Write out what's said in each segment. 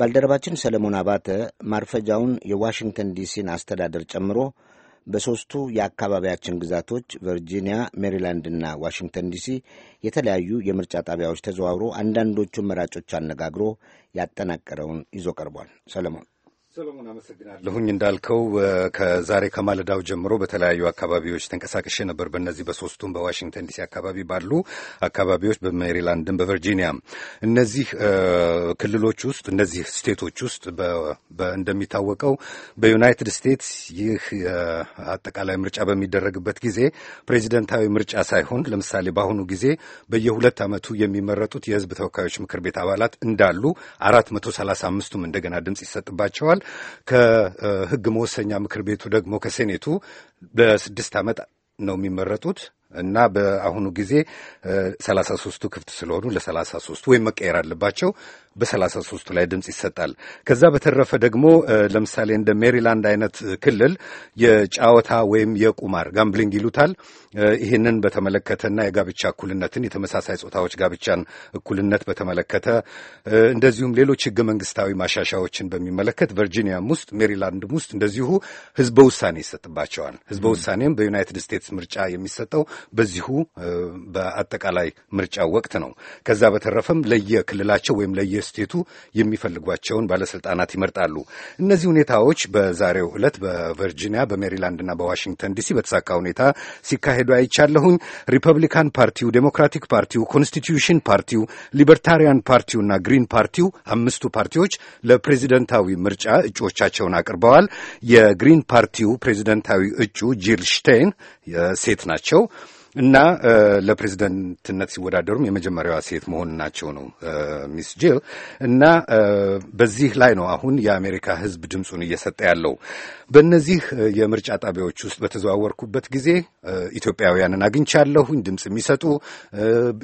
ባልደረባችን ሰለሞን አባተ ማርፈጃውን የዋሽንግተን ዲሲን አስተዳደር ጨምሮ በሦስቱ የአካባቢያችን ግዛቶች ቨርጂኒያ፣ ሜሪላንድና ዋሽንግተን ዲሲ የተለያዩ የምርጫ ጣቢያዎች ተዘዋውሮ አንዳንዶቹን መራጮች አነጋግሮ ያጠናቀረውን ይዞ ቀርቧል። ሰለሞን ሰሎሞን አመሰግናለሁኝ። እንዳልከው ከዛሬ ከማለዳው ጀምሮ በተለያዩ አካባቢዎች ተንቀሳቅሼ ነበር። በእነዚህ በሶስቱም በዋሽንግተን ዲሲ አካባቢ ባሉ አካባቢዎች፣ በሜሪላንድም፣ በቨርጂኒያም እነዚህ ክልሎች ውስጥ እነዚህ ስቴቶች ውስጥ እንደሚታወቀው በዩናይትድ ስቴትስ ይህ አጠቃላይ ምርጫ በሚደረግበት ጊዜ ፕሬዚደንታዊ ምርጫ ሳይሆን ለምሳሌ በአሁኑ ጊዜ በየሁለት ዓመቱ የሚመረጡት የህዝብ ተወካዮች ምክር ቤት አባላት እንዳሉ አራት መቶ ሰላሳ አምስቱም እንደገና ድምፅ ይሰጥባቸዋል። ከህግ መወሰኛ ምክር ቤቱ ደግሞ ከሴኔቱ በስድስት ዓመት ነው የሚመረጡት እና በአሁኑ ጊዜ ሰላሳ ሶስቱ ክፍት ስለሆኑ ለሰላሳ ሶስቱ ወይም መቀየር አለባቸው በ33 ላይ ድምፅ ይሰጣል። ከዛ በተረፈ ደግሞ ለምሳሌ እንደ ሜሪላንድ አይነት ክልል የጫወታ ወይም የቁማር ጋምብሊንግ ይሉታል። ይህንን በተመለከተና የጋብቻ እኩልነትን የተመሳሳይ ፆታዎች ጋብቻን እኩልነት በተመለከተ እንደዚሁም ሌሎች ህገ መንግስታዊ ማሻሻዎችን በሚመለከት ቨርጂኒያም ውስጥ ሜሪላንድም ውስጥ እንደዚሁ ህዝበ ውሳኔ ይሰጥባቸዋል። ህዝበ ውሳኔም በዩናይትድ ስቴትስ ምርጫ የሚሰጠው በዚሁ በአጠቃላይ ምርጫ ወቅት ነው። ከዛ በተረፈም ለየክልላቸው ወይም ለየ በየስቴቱ የሚፈልጓቸውን ባለስልጣናት ይመርጣሉ። እነዚህ ሁኔታዎች በዛሬው ዕለት በቨርጂኒያ በሜሪላንድና በዋሽንግተን ዲሲ በተሳካ ሁኔታ ሲካሄዱ አይቻለሁኝ። ሪፐብሊካን ፓርቲው፣ ዴሞክራቲክ ፓርቲው፣ ኮንስቲትዩሽን ፓርቲው፣ ሊበርታሪያን ፓርቲውና ግሪን ፓርቲው አምስቱ ፓርቲዎች ለፕሬዚደንታዊ ምርጫ እጩዎቻቸውን አቅርበዋል። የግሪን ፓርቲው ፕሬዚደንታዊ እጩ ጂል ሽቴን ሴት ናቸው። እና ለፕሬዚደንትነት ሲወዳደሩም የመጀመሪያዋ ሴት መሆን ናቸው ነው ሚስ ጂል እና በዚህ ላይ ነው አሁን የአሜሪካ ሕዝብ ድምፁን እየሰጠ ያለው። በእነዚህ የምርጫ ጣቢያዎች ውስጥ በተዘዋወርኩበት ጊዜ ኢትዮጵያውያንን አግኝቻለሁኝ። ድምፅ የሚሰጡ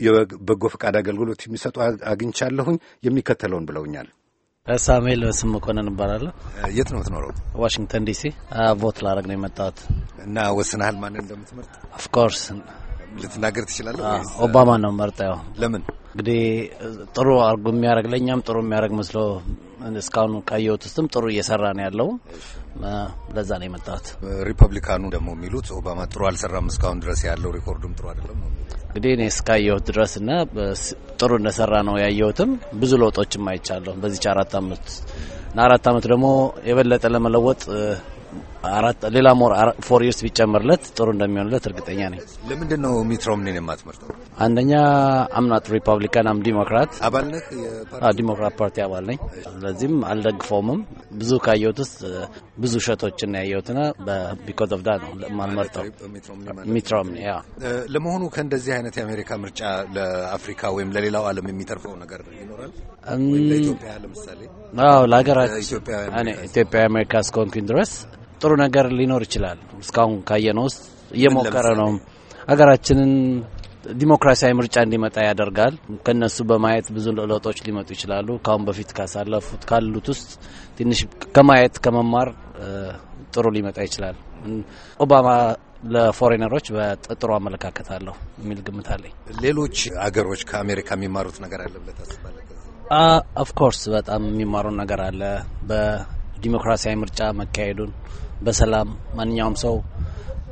የበጎ ፈቃድ አገልግሎት የሚሰጡ አግኝቻለሁኝ። የሚከተለውን ብለውኛል። ሳሙኤል ስም መኮንን እባላለሁ። የት ነው የምትኖረው? ዋሽንግተን ዲሲ። ቮት ላረግ ነው የመጣሁት። እና ወስነሃል ማንን እንደምትመርጥ? ኦፍኮርስ ልትናገር ትችላለህ? ኦባማ ነው መርጠው። ለምን እንግዲህ ጥሩ አድርጎ የሚያደርግ ለእኛም ጥሩ የሚያደርግ መስሎ እስካሁን ካየሁት ውስጥም ጥሩ እየሰራ ነው ያለው። ለዛ ነው የመጣሁት። ሪፐብሊካኑ ደግሞ የሚሉት ኦባማ ጥሩ አልሰራም እስካሁን ድረስ ያለው ሪኮርዱም ጥሩ አይደለም። እንግዲህ እኔ እስካየሁት ድረስ እና ጥሩ እንደሰራ ነው ያየሁትም። ብዙ ለውጦችም አይቻለሁ በዚች አራት አመት እና አራት አመት ደግሞ የበለጠ ለመለወጥ አራት ሌላ ሞር ፎር ይርስ ቢጨመርለት ጥሩ እንደሚሆንለት እርግጠኛ ነኝ። ለምንድን ነው ሚትሮምኒን የማትመርጠው? አንደኛ አምናት ሪፐብሊካን አም ዲሞክራት አባል ነህ? ዲሞክራት ፓርቲ አባል ነኝ። ስለዚህም አልደግፈውምም። ብዙ ካየሁት ውስጥ ብዙ ነው ያየሁትና ቢኮዝ ኦፍ ዳ ነው ማልመርጠው ሚትሮምኒ። ያ ለመሆኑ ከእንደዚህ አይነት የአሜሪካ ምርጫ ለአፍሪካ ወይም ለሌላው ዓለም የሚተርፈው ነገር ይኖራል? ለኢትዮጵያ ለምሳሌ ለሀገራችን ኢትዮጵያ አሜሪካ እስከሆንኩኝ ድረስ ጥሩ ነገር ሊኖር ይችላል። እስካሁን ካየነው ውስጥ እየሞከረ ነው። ሀገራችንን ዲሞክራሲያዊ ምርጫ እንዲመጣ ያደርጋል። ከነሱ በማየት ብዙ ለውጦች ሊመጡ ይችላሉ። ካሁን በፊት ካሳለፉት ካሉት ውስጥ ትንሽ ከማየት ከመማር ጥሩ ሊመጣ ይችላል። ኦባማ ለፎሬነሮች በጥሩ አመለካከት አለሁ የሚል ግምት አለኝ። ሌሎች አገሮች ከአሜሪካ የሚማሩት ነገር አለ ብለህ ታስባለህ? ኦፍኮርስ በጣም የሚማሩን ነገር አለ። በዲሞክራሲያዊ ምርጫ መካሄዱን በሰላም ማንኛውም ሰው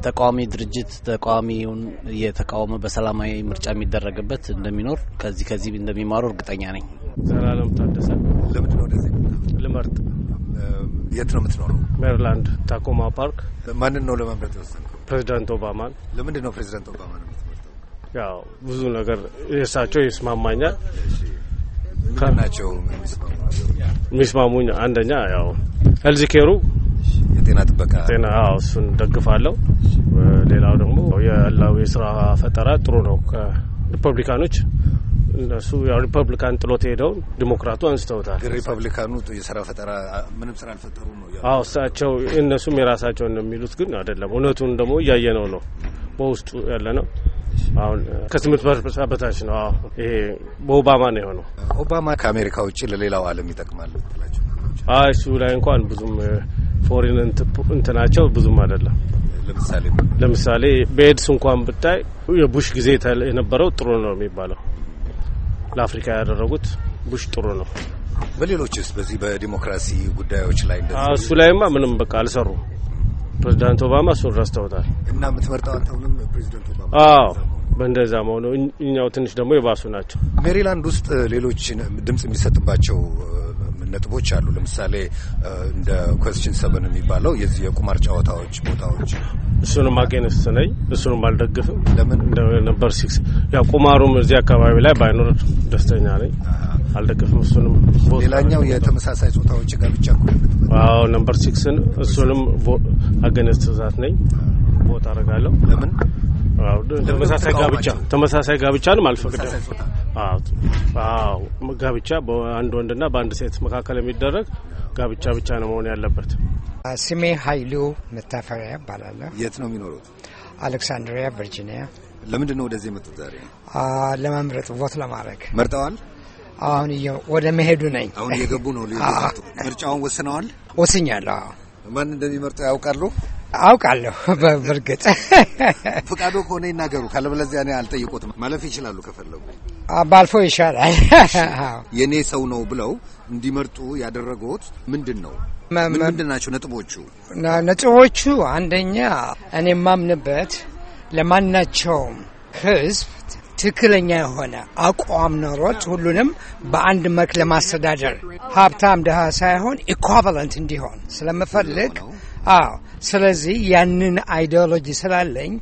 ተቃዋሚ ድርጅት ተቃዋሚውን እየተቃወመ በሰላማዊ ምርጫ የሚደረግበት እንደሚኖር ከዚህ ከዚህ እንደሚማሩ እርግጠኛ ነኝ። ዘላለም ታደሰ። ለምንድን ነው ወደዚህ ልመርጥ? የት ነው የምትኖረው? ሜሪላንድ ታኮማ ፓርክ። ማንን ነው ለመምረጥ የወሰነ? ፕሬዚዳንት ኦባማን። ለምንድን ነው ፕሬዚዳንት ኦባማን የምትመርጠው? ያው ብዙ ነገር የእሳቸው ይስማማኛል። ከናቸው የሚስማሙኝ። አንደኛ ያው ሄልዝ ኬሩ ጤና ጥበቃ ጤና እሱን ደግፋለሁ። ሌላው ደግሞ ያለው የስራ ፈጠራ ጥሩ ነው። ሪፐብሊካኖች እነሱ ሪፐብሊካን ጥሎት ሄደውን ዲሞክራቱ አንስተውታል። ግን ሪፐብሊካኑ የስራ ፈጠራ ምንም ስራ አልፈጠሩ ነው። አዎ እሳቸው እነሱም የራሳቸውን ነው የሚሉት፣ ግን አይደለም እውነቱን ደግሞ እያየ ነው። በውስጡ ያለ ነው። አሁን ከስምንት ፐርሰንት በታች ነው። አዎ ይሄ በኦባማ ነው የሆነው። ኦባማ ከአሜሪካ ውጭ ለሌላው አለም ይጠቅማል ትላቸው? አይ እሱ ላይ እንኳን ብዙም ፎሪን እንትናቸው ብዙም አይደለም። ለምሳሌ በኤድስ እንኳን ብታይ የቡሽ ጊዜ የነበረው ጥሩ ነው የሚባለው ለአፍሪካ ያደረጉት ቡሽ ጥሩ ነው። በሌሎችስ በዚህ በዲሞክራሲ ጉዳዮች ላይ እሱ ላይማ ምንም በቃ አልሰሩ። ፕሬዚዳንት ኦባማ እሱን ረስተውታል። እና የምትመርጠው አንተ አሁንም ፕሬዚዳንት ኦባማ? አዎ በእንደዛ መሆኑ እኛው ትንሽ ደግሞ የባሱ ናቸው። ሜሪላንድ ውስጥ ሌሎች ድምጽ የሚሰጥባቸው ነጥቦች አሉ። ለምሳሌ እንደ ኮስችን ሰበን የሚባለው የዚህ የቁማር ጨዋታዎች ቦታዎች፣ እሱንም አጌንስት ነኝ፣ እሱንም አልደግፍም። ለምን ነበር ሲክስ ያ ቁማሩም እዚህ አካባቢ ላይ ባይኖር ደስተኛ ነኝ፣ አልደግፍም። እሱንም ሌላኛው የተመሳሳይ ጾታዎች ጋብቻ ነምበር ሲክስን እሱንም አገነስት ዛት ነኝ ቦታ አደርጋለሁ። ለምን ተመሳሳይ ጋብቻ ተመሳሳይ ጋብቻንም አልፈቅድም። ጋብቻ በአንድ ወንድና በአንድ ሴት መካከል የሚደረግ ጋብቻ ብቻ ነው መሆን ያለበት። ስሜ ሀይሉ መታፈሪያ እባላለሁ። የት ነው የሚኖሩት? አሌክሳንድሪያ ቨርጂኒያ። ለምንድን ነው ወደዚህ የመጡት? ዛሬ ለመምረጥ ቮት ለማድረግ መርጠዋል። አሁን ወደ መሄዱ ነኝ። አሁን እየገቡ ነው። ምርጫውን ወስነዋል? ወስኛለሁ። ማን እንደሚመርጠው ያውቃሉ? አውቃለሁ። በእርግጥ ፍቃዶ ከሆነ ይናገሩ፣ ካለበለዚያ እኔ አልጠይቁትም። ማለፍ ይችላሉ ከፈለጉ። ባልፎ ይሻላል። የእኔ ሰው ነው ብለው እንዲመርጡ ያደረጉት ምንድን ነው? ምንድን ናቸው ነጥቦቹ? ነጥቦቹ አንደኛ እኔ የማምንበት ለማናቸውም ህዝብ ትክክለኛ የሆነ አቋም ኖሮት ሁሉንም በአንድ መልክ ለማስተዳደር ሀብታም ድሃ ሳይሆን ኢኳቫለንት እንዲሆን ስለምፈልግ አዎ ስለዚህ ያንን አይዲዮሎጂ ስላለኝ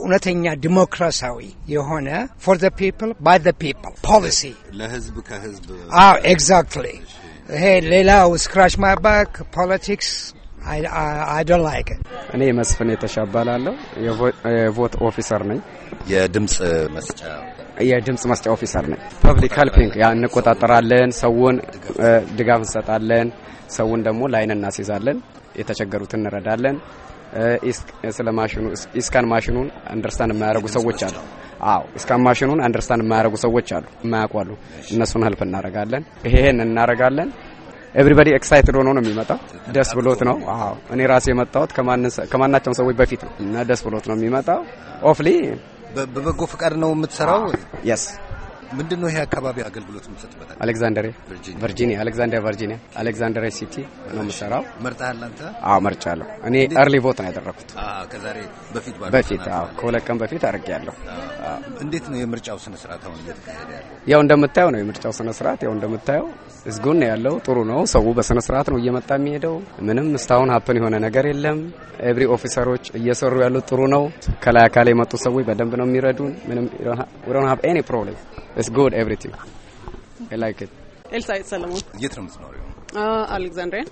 እውነተኛ ዲሞክራሲያዊ የሆነ ፎር ዘ ፒፕል ባይ ዘ ፒፕል ፖሊሲ ለህዝብ ከህዝብ አዎ ኤግዛክትሊ ይሄ ሌላው ስክራች ማባክ ፖለቲክስ አይዶን ላይክ እኔ መስፍን የተሻባላለሁ የቮት ኦፊሰር ነኝ የድምፅ መስጫ የድምፅ መስጫ ኦፊሰር ነኝ ፐብሊክ ሄልፒንግ ያ እንቆጣጠራለን ሰውን ድጋፍ እንሰጣለን ሰውን ደግሞ ላይን እናስይዛለን የተቸገሩትን እንረዳለን። ስለ ማሽኑ ኢስካን ማሽኑን አንደርስታንድ የማያደርጉ ሰዎች አሉ። አዎ ኢስካን ማሽኑን አንደርስታንድ የማያደርጉ ሰዎች አሉ፣ የማያውቋሉ። እነሱን ህልፍ እናደርጋለን። ይሄን እናደርጋለን። ኤቭሪባዲ ኤክሳይትድ ሆኖ ነው የሚመጣው። ደስ ብሎት ነው። አዎ እኔ ራሴ የመጣሁት ከማናቸውም ሰዎች በፊት ነው እና ደስ ብሎት ነው የሚመጣው። ኦፍሊ በበጎ ፍቃድ ነው የምትሰራው? የስ ምንድን ነው ይሄ አካባቢ አገልግሎት የምትሰጥበት? አሌክዛንደር ቨርጂኒያ፣ አሌክዛንደር ቨርጂኒያ፣ አሌክዛንደር ሲቲ ነው የምሰራው። መርጠሃል አንተ? አዎ መርጫለሁ። እኔ እርሊ ቦት ነው ያደረኩት። ከዛሬ በፊት በፊት ከሁለት ቀን በፊት አድርጌያለሁ። እንዴት ነው የምርጫው ስነ ስርዓት አሁን እየተካሄደ ያለው? ያው እንደምታየው ነው የምርጫው ስነ ስርዓት። ያው እንደምታየው እዝጉን ያለው ጥሩ ነው። ሰው በስነ ስርዓት ነው እየመጣ የሚሄደው። ምንም እስካሁን ሀፕን የሆነ ነገር የለም። ኤብሪ ኦፊሰሮች እየሰሩ ያሉት ጥሩ ነው። ከላይ አካል የመጡ ሰዎች በደንብ ነው የሚረዱን። ምንም ዶንት ሃቭ ኤኒ ፕሮብሌም ኢትስ ጉድ ኤቭሪቲንግ አይ ላይክ ኢት። ኤልሳቤጥ ሰለሞን። የት ነው የምትኖሪው? አሌክዛንድሪያ።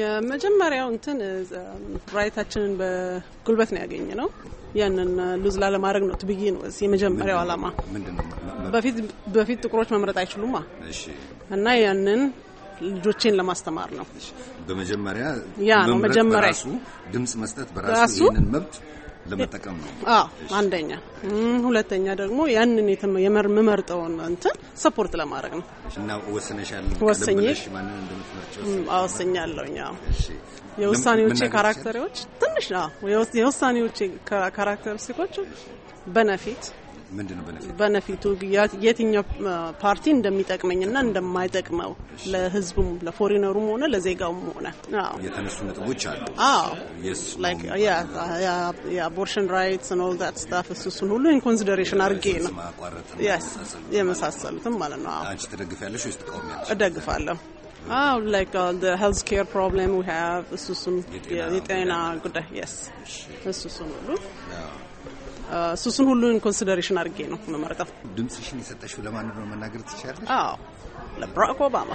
የመጀመሪያው እንትን ራይታችንን በጉልበት ነው ያገኘ ነው። ያንን ሉዝ ላለማድረግ ነው ትብዬ ነው የመጀመሪያው አላማ። በፊት ጥቁሮች መምረጥ አይችሉማ እና ያንን ልጆቼን ለማስተማር ነው። በመጀመሪያ ያ ነው መጀመሪያ ድምጽ መስጠት በራሱ ይህንን መብት ለመጠቀም ነው አንደኛ ሁለተኛ ደግሞ ያንን የምመርጠውን እንትን ሰፖርት ለማድረግ ነው እና ወስነሻል? ወስኜ ወስኛለሁኝ። የውሳኔዎቼ ካራክተሮች ትንሽ የውሳኔዎቼ ካራክተሪስቲኮች በነፊት በነፊቱ የትኛው ፓርቲ እንደሚጠቅመኝና እንደማይጠቅመው ለህዝቡም ለፎሪነሩም ሆነ ለዜጋውም ሆነ የተነሱ ነጥቦች አሉ። የአቦርሽን ራይትስ ነው ስታፍ እሱን ሁሉ ኢንኮንሲደሬሽን አድርጌ ነው የመሳሰሉትም ማለት ነው። አንቺ ትደግፊያለሽ ወይስ ትቃወሚያለሽ? እደግፋለሁ። አዎ ላይክ ሄልዝ ኬር ፕሮብለም ዊ ሃቭ እሱሱም የጤና ጉዳይ የስ እሱሱን ሁሉ እሱሱን ሁሉ ኢንኮንሲደሬሽን አድርጌ ነው መመርጠው። ድምፅሽን የሰጠሽው ለማን ነው መናገር ትችላለሽ? አዎ ለብራክ ኦባማ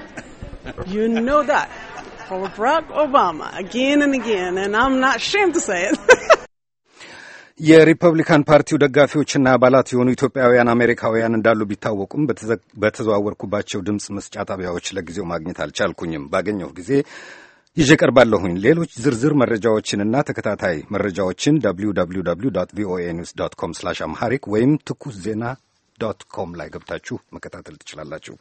you know that for Barack Obama again and again, and I'm not ashamed to say it. የሪፐብሊካን ፓርቲው ደጋፊዎችና አባላት የሆኑ ኢትዮጵያውያን አሜሪካውያን እንዳሉ ቢታወቁም በተዘዋወርኩባቸው ድምፅ መስጫ ጣቢያዎች ለጊዜው ማግኘት አልቻልኩኝም። ባገኘሁ ጊዜ ይዤ ቀርባለሁኝ። ሌሎች ዝርዝር መረጃዎችንና ተከታታይ መረጃዎችን www ቪኦኤ ኒውስ ዶት ኮም ስላሽ አምሃሪክ ወይም ትኩስ ዜና ዶት ኮም ላይ ገብታችሁ መከታተል ትችላላችሁ።